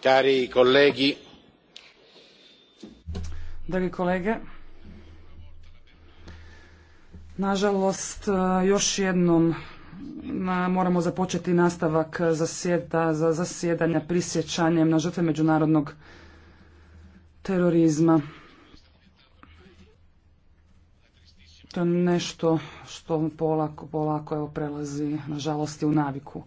Cari colleghi. Dragi kolege, nažalost e, još jednom e, moramo započeti nastavak za zasjedanja prisjećanjem na žrtve međunarodnog terorizma. To je nešto što polako, polako evo prelazi, nažalost, i u naviku.